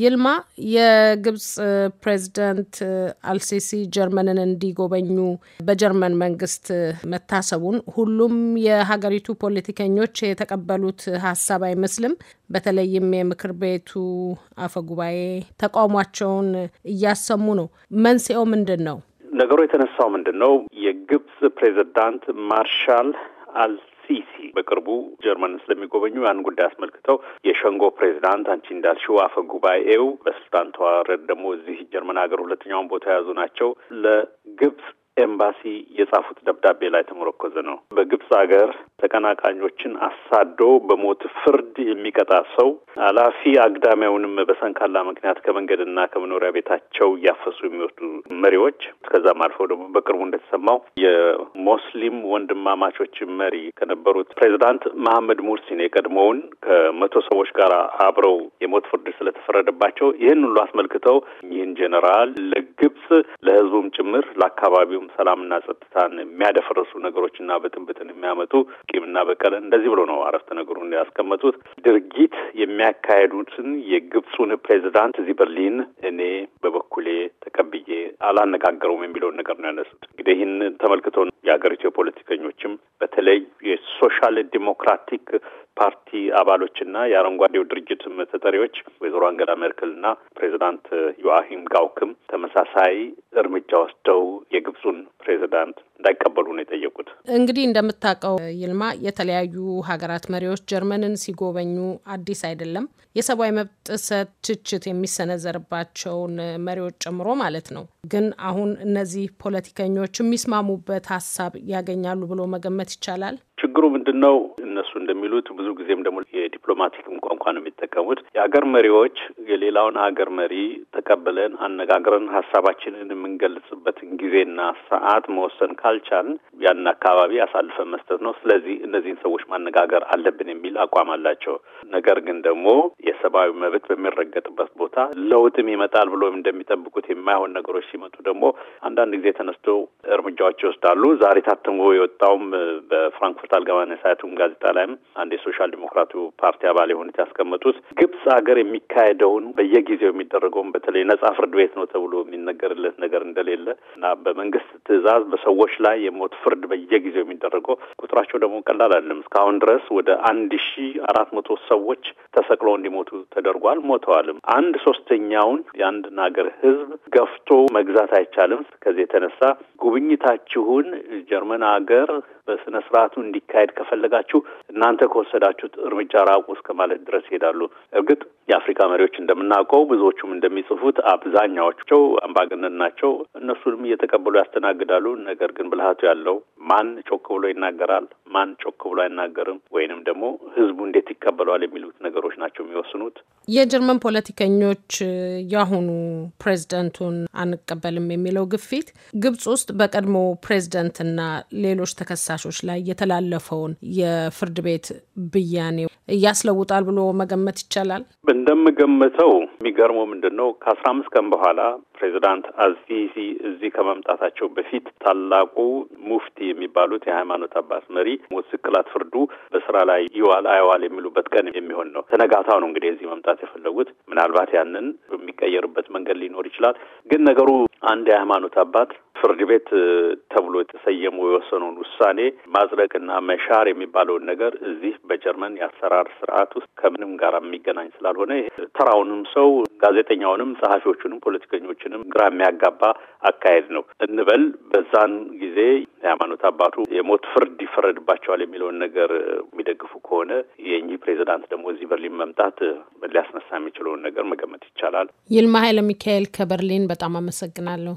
ይልማ የግብጽ ፕሬዚደንት አልሲሲ ጀርመንን እንዲጎበኙ በጀርመን መንግስት መታሰቡን ሁሉም የሀገሪቱ ፖለቲከኞች የተቀበሉት ሀሳብ አይመስልም። በተለይም የምክር ቤቱ አፈ ጉባኤ ተቃውሟቸውን እያሰሙ ነው። መንስኤው ምንድን ነው? ነገሩ የተነሳው ምንድን ነው? የግብጽ ፕሬዚዳንት ማርሻል አልሲሲ በቅርቡ ጀርመን ስለሚጎበኙ ያን ጉዳይ አስመልክተው የሸንጎ ፕሬዚዳንት አንቺ እንዳልሽው አፈ ጉባኤው በስልጣን ተዋረድ ደግሞ እዚህ ጀርመን ሀገር ሁለተኛውን ቦታ የያዙ ናቸው ለግብጽ ኤምባሲ የጻፉት ደብዳቤ ላይ ተመረኮዘ ነው። በግብፅ ሀገር ተቀናቃኞችን አሳዶ በሞት ፍርድ የሚቀጣ ሰው አላፊ አግዳሚያውንም በሰንካላ ምክንያት ከመንገድና ከመኖሪያ ቤታቸው እያፈሱ የሚወጡ መሪዎች፣ ከዛም አልፈው ደግሞ በቅርቡ እንደተሰማው የሙስሊም ወንድማማቾች መሪ ከነበሩት ፕሬዚዳንት መሐመድ ሙርሲን የቀድሞውን ከመቶ ሰዎች ጋር አብረው የሞት ፍርድ ስለተፈረደባቸው ይህን ሁሉ አስመልክተው ይህን ጄኔራል ለግብፅ ለህዝቡም ጭምር ለአካባቢውም ሰላምና ጸጥታን የሚያደፈረሱ ነገሮችና ብጥብጥን የሚያመጡ ቂምና በቀል እንደዚህ ብሎ ነው አረፍተ ነገሩን ያስቀመጡት። ድርጊት የሚያካሄዱትን የግብፁን ፕሬዚዳንት እዚህ በርሊን እኔ በበኩሌ ተቀብዬ አላነጋገረውም የሚለውን ነገር ነው ያነሱት። እንግዲህ ይህን ተመልክቶ የሀገሪቱ የፖለቲከኞችም በተለይ የሶሻል ዲሞክራቲክ አባሎችና የአረንጓዴው ድርጅት ተጠሪዎች ወይዘሮ አንገላ ሜርክልና ፕሬዚዳንት ዮአሂም ጋውክም ተመሳሳይ እርምጃ ወስደው የግብፁን ፕሬዚዳንት እንዳይቀበሉ ነው የጠየቁት። እንግዲህ እንደምታውቀው ይልማ የተለያዩ ሀገራት መሪዎች ጀርመንን ሲጎበኙ አዲስ አይደለም። የሰብአዊ መብት ጥሰት ትችት የሚሰነዘርባቸውን መሪዎች ጨምሮ ማለት ነው። ግን አሁን እነዚህ ፖለቲከኞች የሚስማሙበት ሀሳብ ያገኛሉ ብሎ መገመት ይቻላል። ችግሩ ምንድን ነው? እንደሚሉት ብዙ ጊዜም ደግሞ የዲፕሎማቲክም ቋንቋ ነው የሚጠቀሙት። የአገር መሪዎች የሌላውን አገር መሪ ተቀብለን አነጋግረን ሀሳባችንን የምንገልጽበትን ጊዜና ሰዓት መወሰን ካልቻልን ያን አካባቢ አሳልፈን መስጠት ነው። ስለዚህ እነዚህን ሰዎች ማነጋገር አለብን የሚል አቋም አላቸው። ነገር ግን ደግሞ የሰብአዊ መብት በሚረገጥበት ቦታ ለውጥም ይመጣል ብሎ እንደሚጠብቁት የማይሆን ነገሮች ሲመጡ ደግሞ አንዳንድ ጊዜ ተነስቶ እርምጃዎች ይወስዳሉ። ዛሬ ታትሞ የወጣውም በፍራንክፉርት አልገማነ ሳያቱም ጋዜጣ ላይም አንድ የሶሻል ዲሞክራቱ ፓርቲ አባል የሆኑት ያስቀመጡት ግብጽ ሀገር የሚካሄደውን በየጊዜው የሚደረገውን በተለይ ነጻ ፍርድ ቤት ነው ተብሎ የሚነገርለት ነገር እንደሌለ እና በመንግስት ትዕዛዝ በሰዎች ላይ የሞት ፍርድ በየጊዜው የሚደረገው ቁጥራቸው ደግሞ ቀላል አይደለም። እስካሁን ድረስ ወደ አንድ ሺ አራት መቶ ሰዎች ተሰቅለው እንዲሞቱ ተደርጓል። ሞተዋልም። አንድ ሶስተኛውን የአንድን ሀገር ህዝብ ገፍቶ መግዛት አይቻልም። ከዚህ የተነሳ ጉብኝታችሁን ጀርመን ሀገር በስነ ስርዓቱ እንዲካሄድ ከፈለጋችሁ እናንተ ከወሰዳችሁት እርምጃ ራቁ እስከ ማለት ድረስ ይሄዳሉ። እርግጥ የአፍሪካ መሪዎች እንደምናውቀው ብዙዎቹም እንደሚጽፉት አብዛኛዎቹ አምባገነን ናቸው። እነሱንም እየተቀበሉ ያስተናግዳሉ። ነገር ግን ብልሃቱ ያለው ማን ጮክ ብሎ ይናገራል፣ ማን ጮክ ብሎ አይናገርም፣ ወይንም ደግሞ ህዝቡ እንዴት ይቀበለዋል የሚሉት ነገሮች ናቸው የሚወስኑት። የጀርመን ፖለቲከኞች ያሁኑ ፕሬዝደንቱን አንቀበልም የሚለው ግፊት ግብጽ ውስጥ በቀድሞ ፕሬዝደንትና ሌሎች ተከሳሾች ላይ የተላለፈውን የፍርድ ቤት ብያኔ ያስለውጣል ብሎ መገመት ይቻላል። እንደምገምተው የሚገርመው ምንድን ነው ከአስራ አምስት ቀን በኋላ ፕሬዚዳንት አዚዚ እዚህ ከመምጣታቸው በፊት ታላቁ ሙፍቲ የሚባሉት የሃይማኖት አባት መሪ ሞት ስቅላት ፍርዱ በስራ ላይ ይዋል አይዋል የሚሉበት ቀን የሚሆን ነው። ተነጋታው ነው እንግዲህ እዚህ መምጣት የፈለጉት። ምናልባት ያንን የሚቀየርበት መንገድ ሊኖር ይችላል። ግን ነገሩ አንድ የሃይማኖት አባት ፍርድ ቤት ተብሎ የተሰየሙ የወሰኑን ውሳኔ ማጽደቅና መሻር የሚባለውን ነገር እዚህ በጀርመን የአሰራር ስርዓት ውስጥ ከምንም ጋር የሚገናኝ ስላልሆነ ተራውንም ሰው ጋዜጠኛውንም፣ ጸሐፊዎቹንም፣ ፖለቲከኞችንም ግራ የሚያጋባ አካሄድ ነው እንበል። በዛን ጊዜ የሃይማኖት አባቱ የሞት ፍርድ ይፈረድባቸዋል የሚለውን ነገር የሚደግፉ ከሆነ የእኚህ ፕሬዚዳንት ደግሞ እዚህ በርሊን መምጣት ሊያስነሳ የሚችለውን ነገር መገመት ይቻላል። ይልማ ኃይለ ሚካኤል ከበርሊን በጣም አመሰግናለሁ።